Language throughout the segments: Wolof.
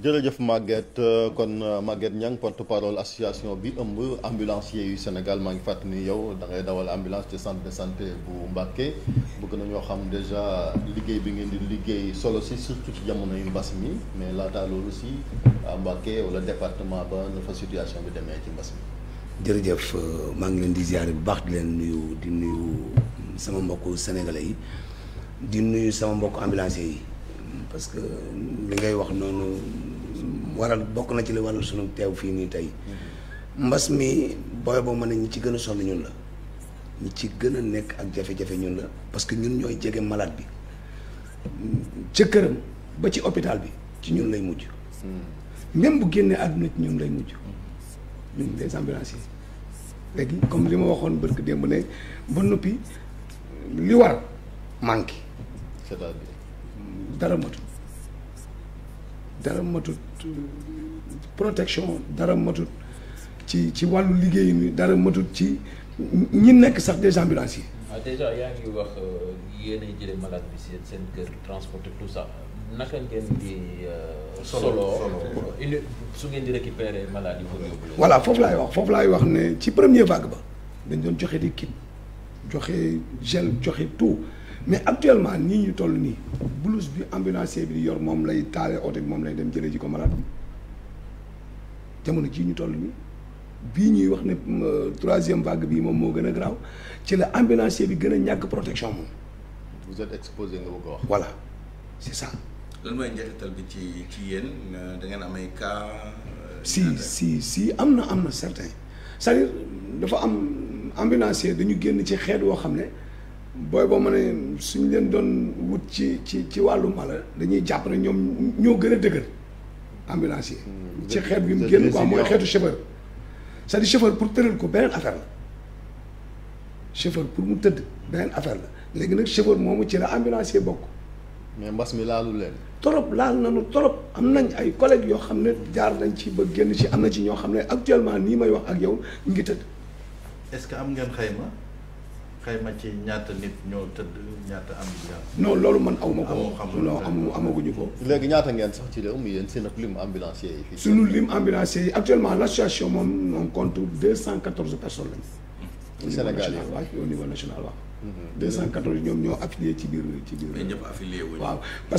jërëjëf Maguette euh, kon euh, Maguette Niang porte-parole association bi ëmb ambulancier yu Sénégal maa ngi fàttali ni yow da dawal ambulance ci centre de santé bu Mbacké bëgg ñoo xam déjà liggéey bi ngeen di liggéey solo si surtout ci jamono yu mbas mi mais laata loolu si Mbacké wala département ba na fa situation bi demee ci mbas mi. jërëjëf euh, maa ngi leen di ziare bu baax di leen nuyu di nuyu sama mbokk sénégalais yi di nuyu sama mbokk ambulancier yi parce que li ngay wax noonu. waral bokk na ci li waral sunu teew fii nii tey mbas mi booy boo mën ne ñi ci gën a sonn ñun la ñi ci gën a nekk ak jafe-jafe ñun la parce que ñun ñooy jege malade bi ca këram ba ci hôpital bi ci ñun lay mujj même bu génnee àdduna ci ñun lay mujj ñun les ambulanciers léegi comme li ma waxoon bërk démb ne ba noppi li war manqué dara matut dara matut Euh, protection dara matut ci ci wàllu liggéey mi dara matut ci ñi nekk sax des ambulanciers yi. Ah, déjà yaa ngi wax euh, yéen a jëlee malade bi seen seen kër transporter tout ça naka ngeen di. Euh, solo solo su ngeen di récupérer malade yi pour yóbbu voilà foofu laay wax foofu laay wax ne ci premier vague ba dañ doon joxe di kit joxe gel joxe tout mais actuellement nii ñu toll nii blouse bi ambulancier bi yor moom lay taale oto bi moom lay dem jëlee ji ko malade bi jamono jii ñu toll nii bii ñuy wax ne euh, troisième vague bii moom moo gën a graaw ci la ambulancier bi gën a ñàkk protection moom. vous exposé nga bëgg a wax. voilà c'est ça. mooy njeexital bi ci ci yéen euh, da ngeen am ay cas. Euh, si si si am na am na certain c'est-à-dire dafa am ambulancier dañu génn ci xeet woo xam ne. booy boo ma ne suñ leen doon wut ci ci ci wàllu mala dañuy jàpp ne ñoom ñoo gën a dëgër ambulance mm. ci xeet bi mu génn quoi mooy xeetu chauffeur c'est-à-dire pour tëral ko beneen affaire la chauffeur pour mu tëdd beneen affaire la léegi nag chauffeur moomu ci la ambulance bokk mais mbas mi laalu leen torop laal nañu torop am nañ ay collègues yoo xam ne jaar nañ ci ba génn si am na ci ñoo xam ne actuellement nii may wax ak yow ñu ngi tëdd est-ce que am ngeen xayma xayma ci ñaata nit ñoo tëdd ñaata am ambulance. loolu man aw ma ko. amoo xam non amu amaguñu ko. léegi ñaata ngeen sax ci réew mi yéen seen ak lim ambulanciers yi. fii sunu lim ambulanciers yi actuellement l' association moom on compte deux cent quatorze personnes lañu. Sénégal yi au niveau national waaw. Mhm. deux cent quatorze ñoom ñoo affilié ci biir ci biir. ñëpp affilié wuñu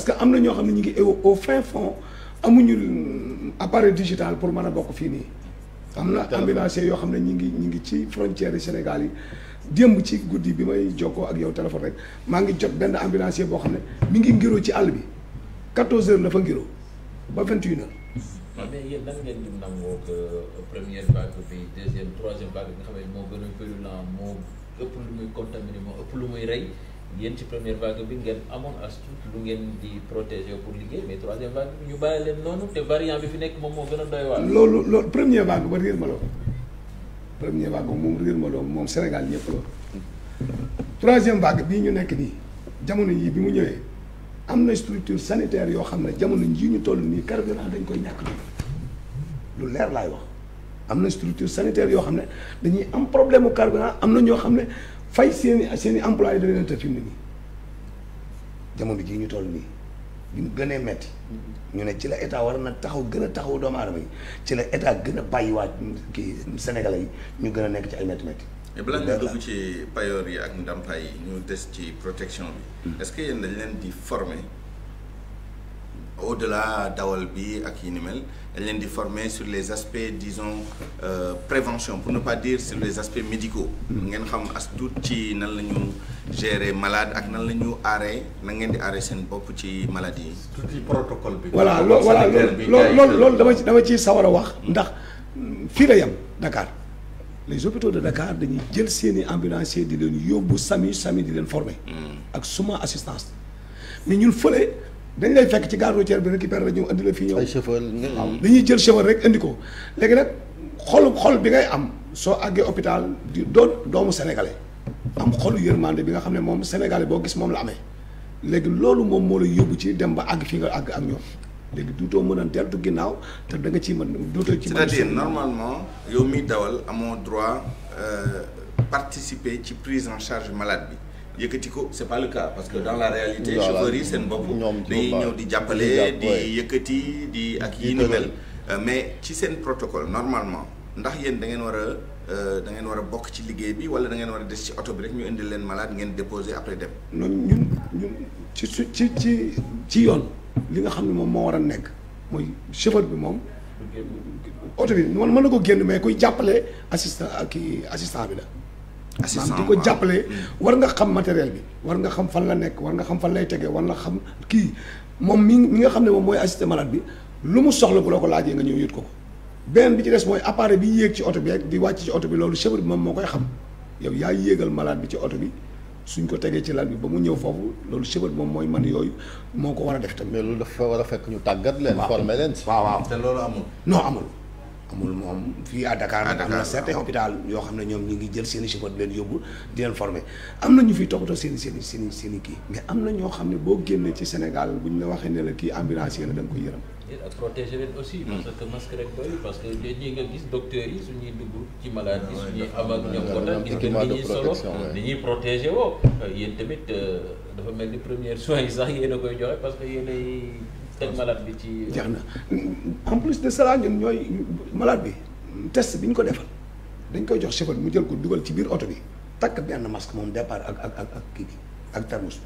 que am na ñoo xam ne ñu ngi au fin fond amuñu appareil digital pour mën a bokk fii nii. am na ambulanciers yoo xam ne ñu ngi ñu ngi ci frontières yi Sénégal yi démb ci guddi bi may jokkoo ak yow téléphone rek maa ngi jot benn ambulancier boo xam ne mi ngi ngiroo ci àll bi 14 heures dafa ngiroo ba 21 heures. waaw ah, mais yéen nan ngeen ñu nangoo que euh, première vague bi deuxième troisième vague bi nga xam ne moo gën a virulent moo ëpp lu muy contaminé moo ëpp lu muy rey. yéen ci première vague bi ngeen amoon as ngeen di protéger pour liggéey mais troisième ñu bàyyi leen noonu te fi nekk moom moo a doy waar. loolu loolu première vague ba réer ma loo première moom réer ma loo moom Sénégal ñëpp la troisième vague bii ñu nekk nii jamono yii bi mu ñëwee am na structure sanitaire yoo xam ne jamono jii ñu toll nii carburant dañ koy ñàkk lu leer laay wax am na structure sanitaire yoo xam ne dañuy am problème mu am na ñoo xam ne. fay seen i seen i employé da leen te fi mu nii jamono jii ñu toll nii bi mu gënee metti ñu ne ci la état war na taxaw gën a taxaw doomu aadama yi ci la état gën a bàyyiwaat kii sénégalais yi ñu gën a nekk ci ay métti métti. mais balaa nga dugg ci payoor yi ak ndàmpaay yi ñu des ci protection bi. Hmm. est-ce que yéen dañ leen di forme au la dawal bi ak yi ni mel dañ leen di former sur les aspects disons euh, prévention pour ne pas dire sur les aspects médicaux mm-hmm. ngeen xam as tuut ci nan la ñu gérer malade ak nan la ñu aaree na ngeen di aaree seen bopp ci maladie yi tuuti protocole bi voilà loolu loolu dama ci dama ciy sawar a wax mm-hmm. ndax mm, fii la yam Dakar les hôpitaux de Dakar dañuy jël seeni ambulanciers di leen yóbbu SAMU SAMU di leen former mm. ak suma assistance mais ñun fële dañ lay fekk ci gare routière bi récupérer la ñëw andi la fii ñëw. ay chauffeur waaw dañuy jël chauffeur rek andi ko léegi nag xol xol bi ngay am soo àggee hôpital di doon doomu sénégalais am xolu yërmande bi nga xam ne moom sénégalais boo gis moom la amee léegi loolu moom moo la yóbbu ci dem ba àgg fii nga àgg ak ñoom léegi duutoo mën a deltu ginnaaw te da nga ciy mën duutoo ci mën c'est-à-dire normalement yow miy dawal amoo droit euh, participer ci prise en charge malade bi yëkkati ko c' est pas le cas parce que dans la réalité. chauffeurs yi seen bopp. dañuy ñëw di jàppale di yëkkati di ak yi ni mel. Euh, mais ci seen protocole normalement ndax yéen da ngeen war a euh, da ngeen war a bokk ci liggéey bi wala da ngeen war a des ci oto bi rek ñu indil leen malade ngeen déposer après dem. noonu ñun ñun ci su ci ci ci yoon li nga xam ne moom moo war a nekk mooy chauffeur bi moom. oto bi mën na ko génn mais kuy jàppale assistant ak assistant bi la. assistant di ko jàppale mm. war nga xam matériel bi war nga xam fan la nekk war nga xam fan lay tegee war nga xam kii moom mi mi nga xam ne moom mooy assister malade bi lu mu soxla bu la ko laajee nga ñëw yët ko ko beneen bi ci des mooy appareil bi yéeg ci oto bi di wàcc ci oto bi loolu chauffeur bi moom moo koy xam yow yaa yéegal malaat bi ci oto bi suñ ko tegee ci lal bi ba mu ñëw foofu loolu chauffeur moom mooy man yooyu moo ko war a def tamit. mais loolu dafa war a fekk ñu tàggat leen. formé leen waaw te loolu amul. non amul. amul moom fii à Dakar am na certain hôpital yoo xam ne ñoom ñu ngi jël seen i chauffeur di leen yóbbu di leen am na ñu fiy toppatoo seen i seen i seen kii mais am na ñoo xam ne boo génnee ni hmm. ñuy solo ni ñuy protéger woo. Euh, yéen tamit euh, dafa mel ni première soins sax yéen a koy joxe parce que yéen ay. teg malade bi ci. Euh, jeex na en plus de cela ñun ñooy malade bi test bi ñu ko defal dañ koy jox chauffeur mu jël ko dugal ci biir oto bi takk benn masque moom départ ak ak ak kii bi ak thermos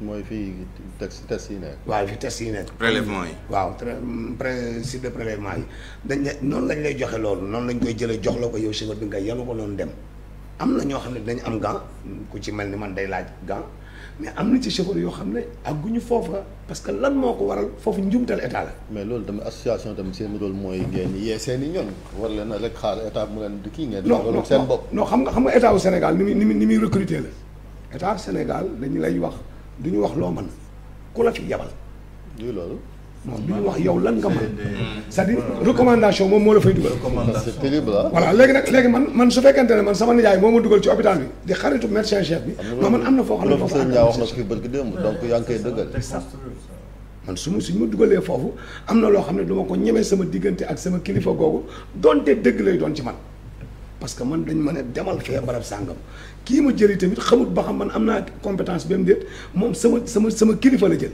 mooy fii test test yi nekk. waaw fi test yi nekk. prélèvement yi. waaw pré sur de prélèvement yi dañ ne noonu lañ lay joxe loolu noonu lañ koy jëlee jox la ko yow chauffeur bi nga yenu ko noonu dem am na ñoo xam ne dañ am gant ku ci mel ni man day laaj gant. mais am na ci chauffeur yoo xam ne àgguñu foofa ah, parce que lan moo ko waral foofu njumtal état la. mais loolu tamit association tamit seen doon mooy ngeen yee seen i ñoom war leen rek xaar état mu leen di kii ngeen. loolu seen bopp non xam nga xam nga état wu Sénégal ni muy ni muy ni muy recruter la état Sénégal dañu lay wax du ñu wax loo mën ku la fi yabal. luy loolu. moom bi wax yow lan nga mën c'est-à-dire recommandation moom moo la fay dugal. c'est léegi nag léegi man man su fekkente ne man sama nijaay moo ma dugal ci hôpital bi di xaritu médecin chef bi. non man am na foo xam ne professeur Ndiaye wax na ko bëgg démb donc yaa ngi koy dëggal. man su ma suñ ma dugalee foofu am na loo xam ne du ko ñemee sama diggante ak sama kilifa googu donte dëgg lay doon ci man. parce que man dañ ma demal fee barab sàngam kii ma jëli tamit xamut ba xam man am naa compétence ba mu déet moom sama sama sama kilifa la jël.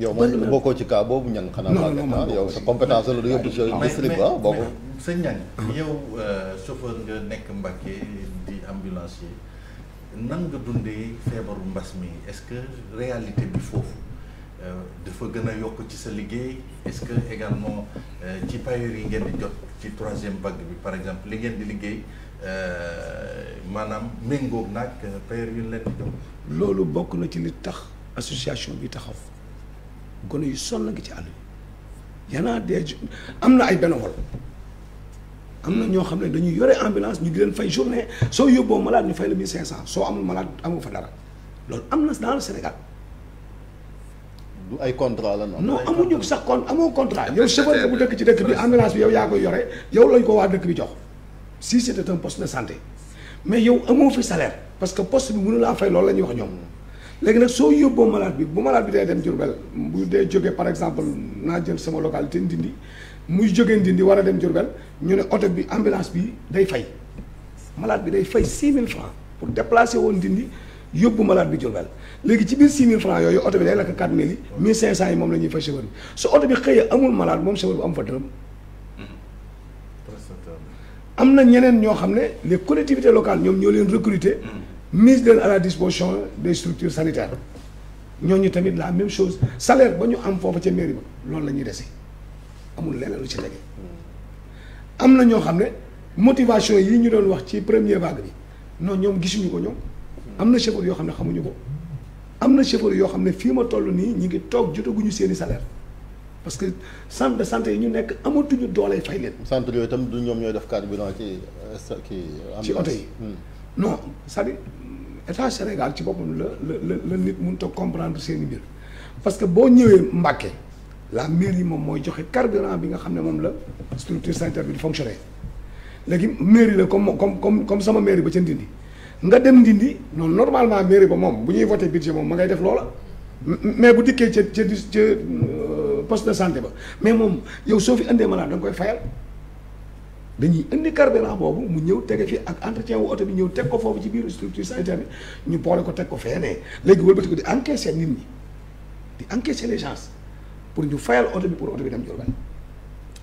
yow man bokkoo ci kaa boobu ñan xanaa. non yow sa compétence la du yóbbu sa district ba boobu. sëñ Niang yow chauffeur nga nekk Mbacké di ambulancier nan nga dundee feebaru mbas mi est-ce que réalité bi foofu eh, dafa gën a yokk ci sa liggéey est-ce que également eh, ci payeur yi ngeen di jot ci troisième vague bi par exemple li ngeen di liggéey eh, maanaam méngoog nag payeur yu leen di jot. loolu bokk na ci li tax association bi taxaw. kon yu sonn ngi ci àll ya yanaa dee am na ay bénévole am na ñoo xam ne dañuy yore ambulance ñu di leen fay journée soo yóbboo malade ñu fay la mille cinq cent soo amul malade amoo fa dara loolu am na dans le Sénégal. la non. non amuñu sax kon amoo contrat. yow chauffeur bu dëkk ci dëkk bi ambulance bi yow yaa koy yore yow lañ ko waa dëkk bi jox si c'était un poste de santé mais yow amoo fi salaire parce que poste bi mënu laa fay loolu la ñuy wax ñoom. léegi nag soo yóbboo malaat bi bu malade bi day dem Diourbel bu dee jógee par exemple naa jël sama localité Ndindi muy jógee Ndindi war a dem Diourbel ñu ne oto bi ambulance bi day fay malaat bi day fay 6000 francs pour déplacer woon Ndindi yóbbu malade bi Diourbel léegi ci biir 6000 francs yooyu oto bi day lakk 4000 yi 1500 yi moom la ñuy fay chauffeur bi su oto bi xëyee amul malade moom chauffeur bi am fa dërëm am na ñeneen ñoo xam ne les collectivités locales ñoom ñoo leen recruter mm. mise leen à la disposition des structures sanitaires ñooñu tamit la même chose salaire ba ñu am foofu ca mairie ba loolu la ñuy dese amul leneen lu ci tege am na ñoo xam ne motivation yi ñu doon wax ci première vague bi non ñoom gisuñu ko ñoom am na chauffeur yoo xam ne xamuñu ko am na chauffeur yoo xam ne fii ma toll nii ñu ngi toog jotaguñu seeni salaire parce que centre de santé yi ñu nekk amatuñu doole fay leen. centre yooyu tam du ñoom ñooy def carburant ci euh, ci oto yi hmm. non cest à état Sénégal ci boppam la la la nit mënut a comprendre seen i mbir parce que boo ñëwee Mbàkke la mairie moom mooy joxe carburant bi nga xam ne moom la structure sanitaire bi di fonctionner léegi mairie la comme comme comme comme sama mairie ba ca Ndindi nga dem Ndindi noonu normalement mairie ba moom bu ñuy voté budget moom ma ngay def loola mais bu dikkee ca ca ca euh, poste de santé ba mais moom yow soo fi indee malade da nga koy fayal. dañuy indi carburant boobu mu ñëw tege fi ak entretien wu oto bi ñëw teg ko foofu ci biir structure sa bi ñu boole ko teg ko feenee léegi wëlbati ko di encaisser nit ñi di encaisser les pour ñu fayal oto bi pour oto bi dem Diourbel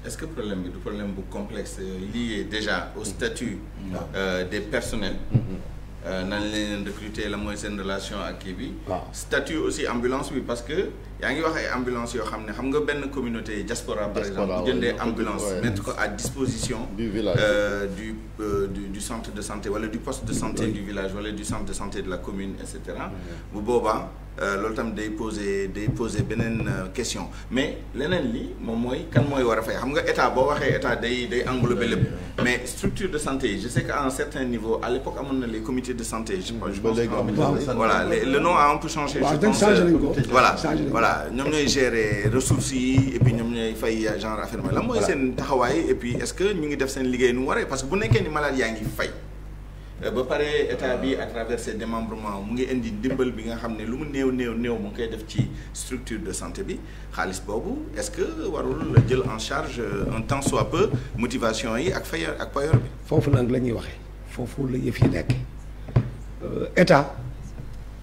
est-ce que problème bi du problème bu complexe lii déjà au mm-hmm. statut mm-hmm. euh, des personnels mm-hmm. Euh, nan leen recruter la mooy seen relation ak kii bi. statut aussi ambulance bi parce que yaa ngi wax ay ambulance yoo xam ne xam nga benn communauté diaspora par exemple bu jëndee ambulance mettre ko à disposition du village euh, euh, du du centre de santé wala du poste de santé du village wala du centre de santé de la commune et cetera bu boobaa Euh, loolu tam day poser day poser beneen euh, question mais leneen li moom mooy kan mooy war a fay xam nga état boo waxee état day day englober lépp mais structure de santé yi je sais que à un certain niveau à l'époque amoon na les comités de santé je pense voilà le nom a un peu changé je pense euh, ñoom ñooy gérer ressources yi et ñoom ñooy fay genre affaire mooy mooy seen taxawaay et puis est-ce que ñu ngi def seen liggéey nu mu waree parce que bu nekkee ni malade ngi fay Euh, ba pare état bi à travers ses mu ngi indi ndimbal bi nga xam ne lu mu néew néew néew mu koy def ci structure de santé bi xaalis boobu est-ce que warul jël en charge euh, un temps soit peu motivation yi ak fayar ak payor bi. foofu nag la ñuy waxee foofu la yëf yi nekk euh, état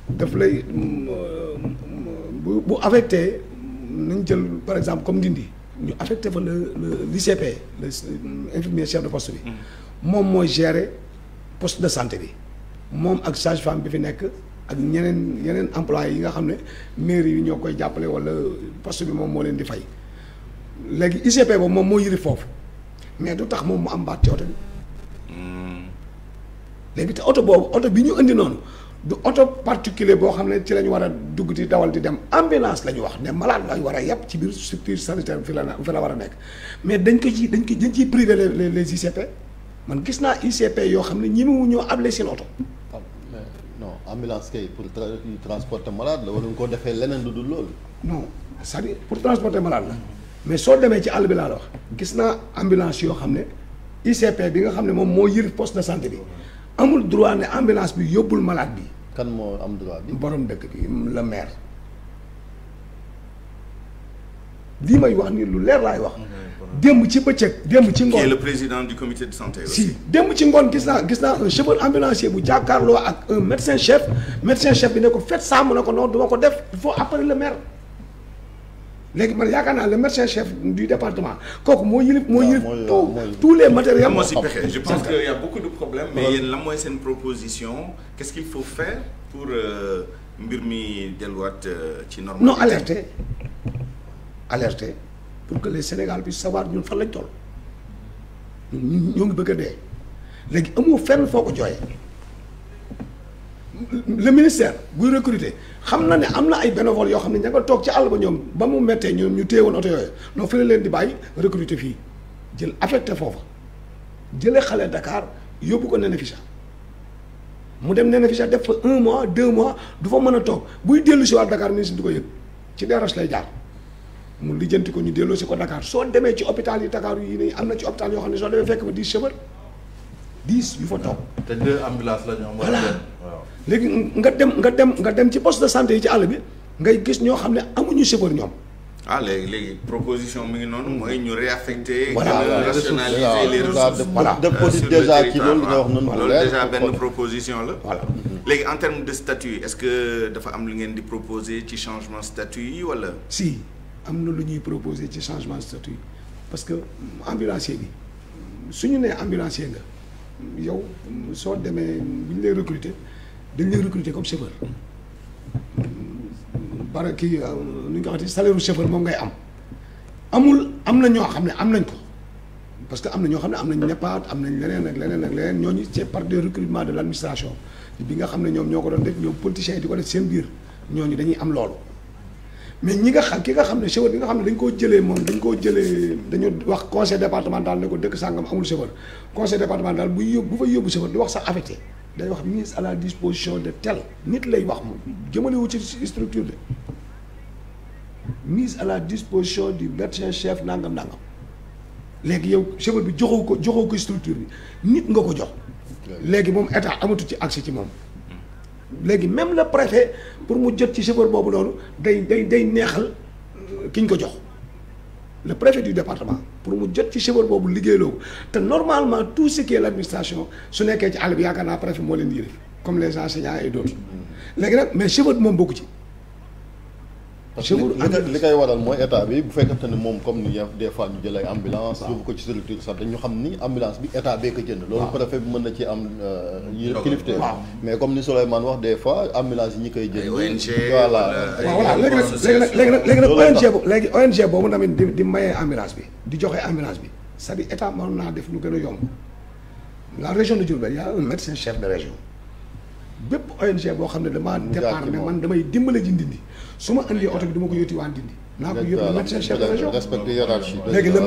daf lay bu mm, mm, bu affecté jël par exemple comme Ndindi ñu affecté fa le le l'ICP le infirmier chef de poste bi. Mm. moom mooy gérer. poste de santé bi moom ak sage-femme bi fi nekk ak ñeneen yeneen employés yi nga xam ne mairie yi ñoo koy jàppale wala poste bi moom moo leen di fay léegi ICP boobu moom moo yëri foofu mais du tax moom mu am baat ci oto bi hmm. léegi te oto boobu oto bi ñu indi noonu du oto particulier boo xam ne ci la ñu war a dugg di dawal di dem ambulance la ñu wax ne malade lañ war a yàpp ci biir structure sanitaire fi la fi la war a nekk mais dañ ko ci dañ ko dañ ciy privé les les man gis naa ICP yoo xam ne ñi mu ñoo able seen oto. Ah, non ambulance kay pour transporter malade la wala nga ko defee leneen lu dul loolu. non cest pour transporter malade la mais soo demee ci àll bi laa la wax gis naa ambulance yoo xam ne ICP bi nga xam ne moom moo yër poste de santé bi amul droit ne ambulance bi yóbbul malade bi. kan moo am droit bi. borom dëkk bi la maire. lii may wax nii lu leer laay wax. démb ci bëccëg démb ci ngoon. qui est le président du comité de santé. si démb ci ngoon gis naa gis naa un chauffeur bu jàkkaarloo ak un médecin chef médecin chef bi ne ko faites ça mu ko non duma ko def il faut appeler le maire. léegi man yaakaar naa le médecin chef du département kooku moo yilif moo yilif tout tous les matériels. moo si pexe je pense que y a beaucoup de problèmes. mais yéen lan mooy seen proposition qu'est-ce qu'il faut faire euh, mi delluwaat euh, ci normal. non alerté. alerter pour que les Sénégal bi savoir ñun fan lañ toll ñun ñoo ngi bëgg a dee léegi amoo fenn foo ko jooyee le ministère buy recruter xam na ne am na ay bénévole yoo xam ne ña nga toog ci àll ba ñoom ba mu mettee ñoom ñu téye woon oto yooyu non fële leen di bàyyi recruter fii jël affecté foofa jële xale Dakar yóbbu ko Nenefisha mu dem Nenefisha def fa un mois deux mois du fa mën a toog buy dellu si waat Dakar ministre du ko yëg ci DRH lay jaar. mu lijjanti ñu delloo si ko Dakar soo demee ci hôpital yi Dakar yi am na ci hôpital yoo xam ne soo demee fekk fa dix chauffeurs te deux ambulances la ñu am. léegi nga dem nga dem nga dem ci poste de santé yi ci àll bi ngay gis ñoo xam ne amuñu chauffeur ñoom. ah léegi léegi proposition mi ngi noonu mooy ñu réaffecter. voilà rationaliser les ressources voilà de euh, déjà ci loolu nga wax noonu. loolu déjà benn proposition la. léegi en termes de statut est-ce que dafa am lu ngeen di proposer ci changement statut yi wala. sii am na lu ñuy proposer ci changement de parce que ambulancier bi ñu nee ambulancier nga yow soo demee bu ñu lay recruter dañ lay recruter comme chauffeur bara kii euh, nu ñu ko waxati salaire chauffeur moom ngay am amul am na ñoo xam ne am nañ ko parce que am na ñoo xam ne am nañ nepaat am nañ leneen ak leneen ak leneen ñoo c'est par des recrutements de l'administration bi nga xam ne ñoom ñoo ko doon de ñoom politiciens yi di ko def seen biir ñooñu dañuy am loolu mais ñi nga xam ki nga xam ne chauffeur bi nga xam ne dañ koo jëlee moom dañ koo jëlee dañu wax conseil départemental ne ko dëkk sàngam amul chauffeur conseil départemental bu yóbbu bu fa yóbbu chauffeur di wax sax affecté day wax mise à la disposition de tel nit lay wax moom jëmalewu ci structure de mise à la disposition di médecin chef nangam nangam léegi yow chauffeur bi joxoo ko joxoo ko structure bi nit nga ko jox léegi moom état amatu ci accès ci moom léegi même la préfet pour mu jot ci chauffeur boobu noonu day day day neexal euh, ki ko jox le préfet du département pour mu jot ci chauffeur boobu liggéeyloo ko te normalement tout ce qui est su nekkee ci àll bi yaakaar naa préfet moo leen yëre comme les enseignants et d' mm-hmm. léegi nag mais chauffeur moom bokku ci. parce que li koy waral mooy état bi bu fekkante ne moom comme ni des fois ñu jël ay ambulance yóbbu ko ci structure santé ñu xam ni ambulance bi état bee ko jënd loolu préfet bi mën na ci am euh, yi kilifte mais comme ni Souleymane wax des fois ambulance yi ñi koy jënd voilà voilà léegi nag léegi nag léegi nag ONG boobu tamit di di mayee bi di joxe ambulance bi c'est-à-dire état mën naa def lu gën a la région de Diourbel y a un médecin chef de région bépp ONG boo xam ne damaa départ ne man damay dimbale ji Ndindi su ma andee oto bi dama ko yóoti waa Ndindi naa ko yóbbu médecin chef de région léegi le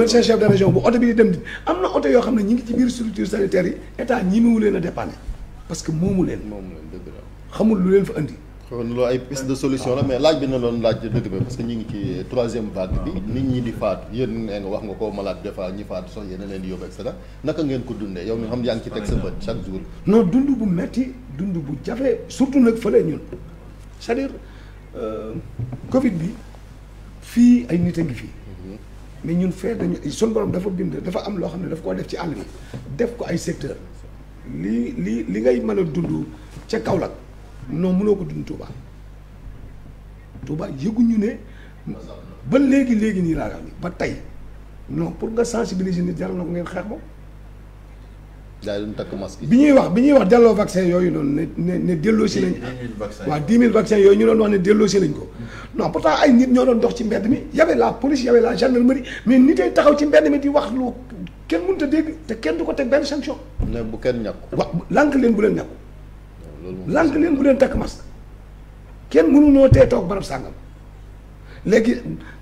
na a lu leen fa andi kon loolu ay piste de solution la mais laaj bi na doon laaj dëgg ba parce que ñu ngi ci troisième vague bi ah. nit ñi di faatu yéen ngeen wax nga koo malade des fois ñi faatu sax yéen a leen di yóbbu et cetera naka ngeen ko dundee yow mi xam yaa ngi ci teg sa bët chaque jour non dund bu metti dund bu jafe surtout nag fële ñun c'est-à-dire euh, Covid bi fii ay nit a ngi fii mais ñun fee dañu suñu dafa bind dafa am loo xam ne daf koo def ci àll bi def ko ay secteur li li li ngay mën a dund ca Kaolack non mënoo ko dund Touba Touba yëguñu ne ba léegi léegi nii laa wax ni ba tey non pour nga sensibiliser nit jaral na ko ngeen xeex moom daa doon takk masque bi ñuy wax bi ñuy wax delloo vaccin yooyu noonu ne ne ne delloosi nañ waaw dix mille vaccin yooyu ñu doon wax ne delloosi nañ ko non pourtant ay nit ñoo doon dox ci mbedd mi y avait la police y avait la gendarmerie mais nit ay taxaw ci mbedd mi di wax lu kenn mënut a dégg te kenn du ko teg benn sanction ne bu kenn ñàkku wa lànk leen bu leen ñàkku lànk leen bu leen takk masque kenn mënu noo tee toog barab sàngam léegi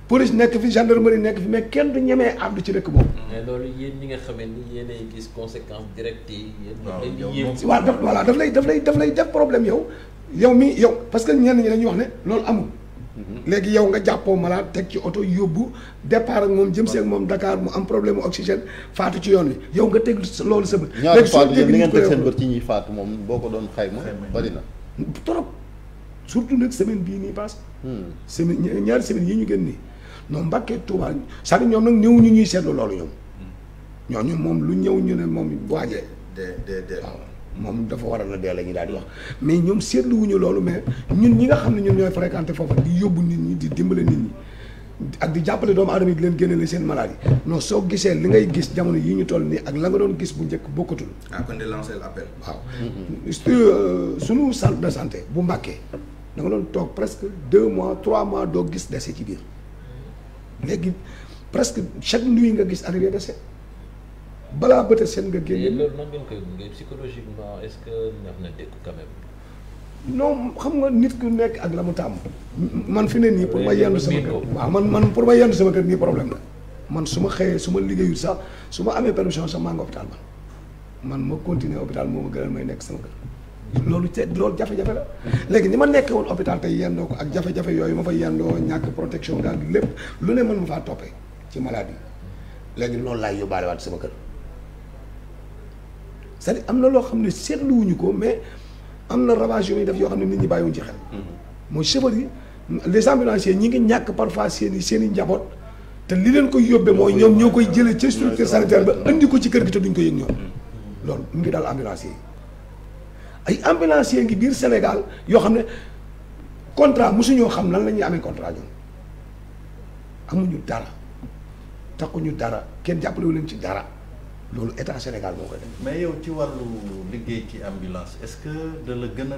police nekk fi gendarmerie nekk fi mais kenn du ñemee àddu ci dëkk boobu. mais loolu yéen ñi nga xamee ni yéen ay gis conséquences directes yi. waaw daf voilà daf lay daf lay daf lay def problème yow yow mi yow parce que ñenn ñi dañuy wax ne loolu amul. Mhm. léegi yow nga jàppoo malade teg ci oto yóbbu départ ak moom jëm seen moom ndakaar mu am problème mu faatu ci yoon wi yow nga teg loolu sa bët. léegi soo dégg ni ngeen teg seen bët ci ñuy faatu moom boo ko doon xayma bari na trop surtout nag semaine bii nii passe hmm. semaine ñaari semaine yi ñu gën nii non Mbacké Touba cest à ñoom nag ñëw ñu ñuy seetlu loolu ñoom. Hmm. ñooñu moom lu ñëw ñu ne moom waajee. de de de waaw moom dafa waral na dee la ñu daal di wax mais ñoom seetluwuñu loolu mais ñun ñi nga xam ne ñun ñooy fréquenté foofa di yóbbu nit ñi di dimbale nit ñi. ak di jàppale doomu aadama yi di leen génne seen maladie non soo gisee li ngay gis jamono yi ñu toll nii ak la nga doon gis bu njëkk bokkatul. ah kon de lancer l'appel. waaw suñu euh, centre de santé bu Mbacké da nga doon toog presque deux mois trois mois doo gis dese ci biir. léegi presque chaque nuit nga gis arrivé de set balaa bëte seen nga génne. loolu nan ngeen ce que neex na dëkk quand xam nga nit ku nekk ak la mu tàmm. man fi ne nii pour ma yendu sama kër waaw man man pour ma yendu sama kër nii problème la man su ma xëyee su ma liggéeyul sax su ma amee permission sax maa ngi hôpital man man ma continuer hôpital moo ma gënal may nekk sama kër. loolu te loolu jafe-jafe la léegi ni ma nekkee woon hôpital tey yendoo ko ak jafe-jafe yooyu ma fa yendoo ñàkk protection daal lépp lu ne mën ma faa toppee ci maladie léegi loolu laay yóbbaale waat sama kër cest à am na loo xam ne seetluwuñu ko mais am na ravage yu def yoo xam ne nit ñi bàyyiwuñ ci xel mm-hmm. mooy chauffeur yi les ambulanciers ñi ngi ñàkk parfois seen i seen i njaboot te li leen koy yóbbee mooy ñoom ñoo koy jëlee ca structure sanitaire ba indi ko ci kër gi te duñ ko yëg ñoom mm-hmm. loolu mu ngi daal ay yee ngi biir Sénégal yoo xam ne contrat mosuñoo xam lan la ñuy amee contrat ñoom amuñu dara takkuñu dara kenn jàppalewu leen ci dara loolu état Sénégal moo koy def. mais yow ci wàllu liggéey ci ambulance est-ce que da la gën a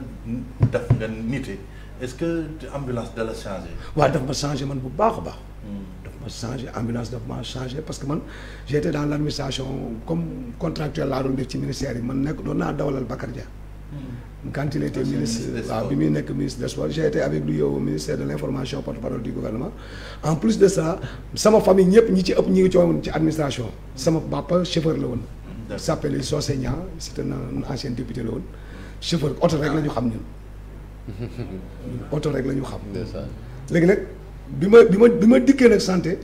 def nga nite est-ce que ambulance da la changé. waaw daf ma changé man bu baax a baax. Hmm. daf ma changé ambulance daf ma changé parce que man j'étais dans l'administration comme contractuel laa doon def ci ministère yi man nekk doon naa dawalal Bakar Dia. Mm. quand il était ministre waaw ah, bi muy nekk ministre des sports j'ai été avec lui yow ministère de l'information porte-parole du gouvernement en plus de ça sama famille ñëpp ñi ci ëpp ñi ngi ci woon ci administration sama papa chauffeur la woon s'appelle Socé Niang c'est un ancien député la woon chauffeur oto rek la xam ñun oto rek la ñu xam léegi nag bi ma bi ma bi ma dikkee nag santé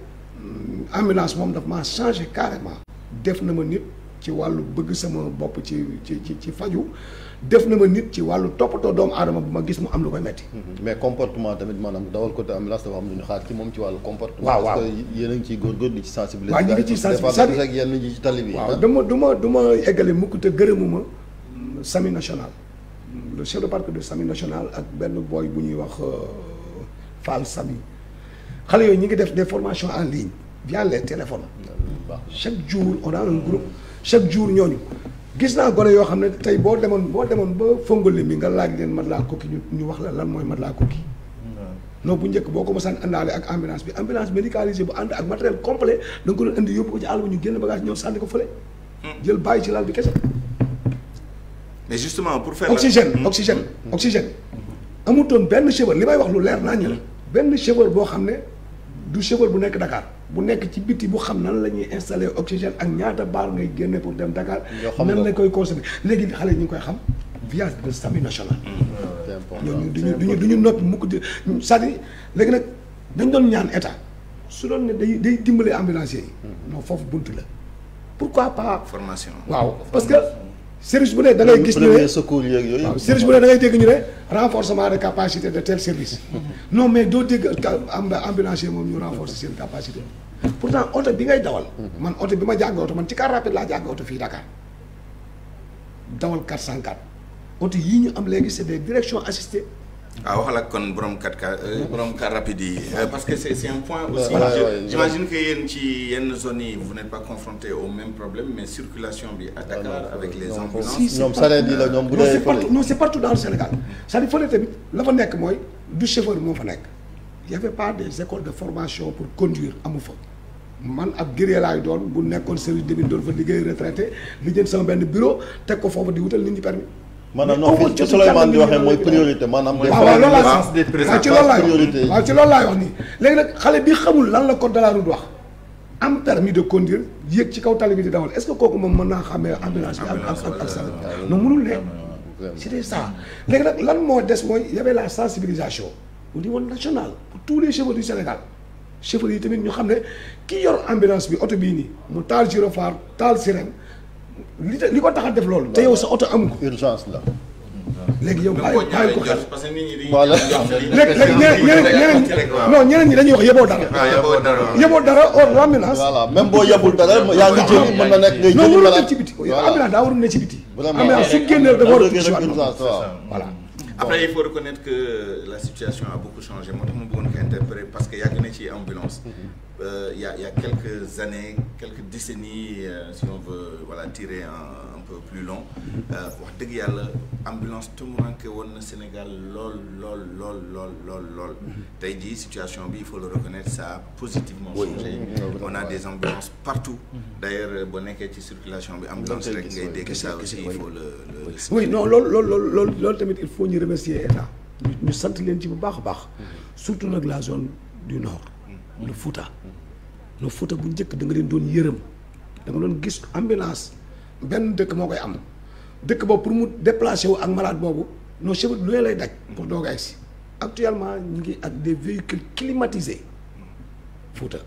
ambulance moom daf maa changé carrément def na ma nit ci wàllu bëgg sama bopp ci ci ci ci faju def na ma nit ci wàllu toppatoo doomu aadama bu ma gis mu am lu koy metti mhm. mais comportement tamit maanaam dawal côté ambulance dafa am lu ñu xaar ci moom ci wàllu comportement waaw waaw a ngi ciy góorgóorlu ci sensibiliser waaw ñu ngi waaw du ma du ma eggale mukk te gërëmuma sami national le chef de parc de sami national ak benn booy bu ñuy wax euh, Fall Sami xale yooyu ñu ngi def des formation en ligne via les chaque jour on a chaque jour ñooñu gis naa gone yoo xam ne tey boo demoon boo demoon ba fongolim bi nga laaj leen mat laa kokki ñu ñu wax la lan mooy mat laa kokki non bu njëkk boo ko mosaan àndaale ak ambulance bi ambulance médicalisée bu ànd ak matériel complet da nga ko doon indi yóbbu ko ci àll ba ñu génn bagage ñëw sànni ko fële hmm. jël bàyyi ci laal bi kese mais justement pour faire oxygène hmm. oxygène hmm. oxygène amutoon benn chauffeur li may wax lu leer naa ñu benn chauffeur boo xam ne du chauffeur bu nekk Dakar bu nekk ci biti bu xam nan la ñuy installé oxygène ak ñaata baar ngay génne pour dem Dakar. nan lañ koy consommé léegi xale yi ñu ngi koy xam via le SAMU national. Mm. Mm. ñooñu duñu duñu duñu noppi mukk di cest à léegi nag dañ doon ñaan état su doon ne day day dimbale ambulanciers yi. Mm. non foofu bunt la pourquoi pas. formation waaw service bu nee da gis ñu ne secours yeeg yooyu service bu ne da ngay dégg ñu ne renforcement de capacité de tel service non mais doo dégg ambulancier moom ñu renforcer seen capacité pourtant oto bi ngay dawal man oto bi ma jàngee oto man ci car rapide laa jàngee oto fii Dakar dawal 404 oto yii ñu am léegi c'est des direction assistées waaw ah, waxal kon borom kat car euh, borom car rapide yi euh, parce que c'est c'est un point aussi j'imagine que yéen ci yenn zones yi vous n'êtes pas confronté au même problème mais circulation bi à Dakar ah avec euh, les ambulances ñoom sareet yi la ñoom bu dee c'est partout dans Sénégal c'est-à-dire tamit la fa nekk mooy du chauffeur moo fa nekk y avait pas des écoles de formation pour conduire amu fa man ab gir laay doon bu nekkoon service de doon fa liggéey retraité li jël sama benn bureau teg ko foofu di wutal nit ñi maanaam non fi Souleymane di waxee mooy priorité maanaam. mooy waaw loolu ci loolu laay wax nii. léegi nag xale bi xamul lan la code de la wax am permis de conduire yéeg ci kaw tali bi di dawal est-ce que kooku moom mën naa xàmmee ambulance bi ak ak ak sànq. non mënul ne c'était ça léegi nag lan moo des mooy y la sensibilisation au niveau national pour tous les chevaux du Sénégal. chauffeurs yi tamit ñu xam ne ki yor ambulance bi oto bii nii mu taal gyrophare taal si sirène li li ko tax a def loolu. te yow sa oto am ko. urgence la. léegi yow bàyyi bàyyi ko xel parce que nit ñi non ñeneen ñi dañuy wax yeboo dara. yeboo dara or l'ambulance. voilà même boo yebul dara yaa ngi jël mën na nekk ngay jël dara ci biti. ambulance daa warul ne ci biti. ambulance su génnee dafa war a tuuti voilà. après il faut reconnaître que la situation a beaucoup changé moo tax ma bëggoon ko interpréter parce que yàgg na ci ambulance. il euh, y a il y a quelques années quelques décennies euh, si euh, wax dëgg yàlla ambulance tumuranke woon na Sénégal lool lool lool lool lool lool tey jii situation bi il faut le reconnaître ça a positivement changé on a des ambulances boo nekkee ci circulation bi ambulance rek ngay dégg ça aussi il faut le le oui non loolu loolu tamit il faut ñu remercier état ñu sant leen ci bu baax a baax surtout nag la zone du nord le Fouta. le Fouta bu njëkk da nga leen doon yërëm dama doon gis ambulance benn dëkk moo koy am dëkk boobu pour mu déplacer wu ak malade boobu noo cheveux lu lay daj. pour doog a si actuellement ñu ngi ak des véhicules climatisés Fouta.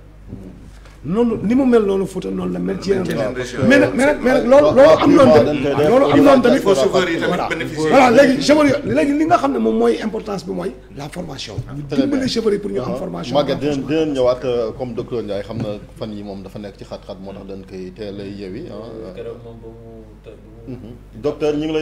noonu ni mu mel noonu Fouta noonu la mel ci yeneen région mais nag mais nag mais nag loolu loolu am noonu tamit loolu am noonu tamit voilà léegi chauffeur yi léegi li nga xam ne moom mooy importance bi mooy la formation ah, dimbali chauffeur yi pour ñu am ah, formation Maguette dinañ dinañ ñëwaat euh, comme docteur Ndiaye xam na fan yi moom dafa nekk ci xat-xat moo tax dañ koy teel a yeewi ah, mhm. docteur ñu ngi lay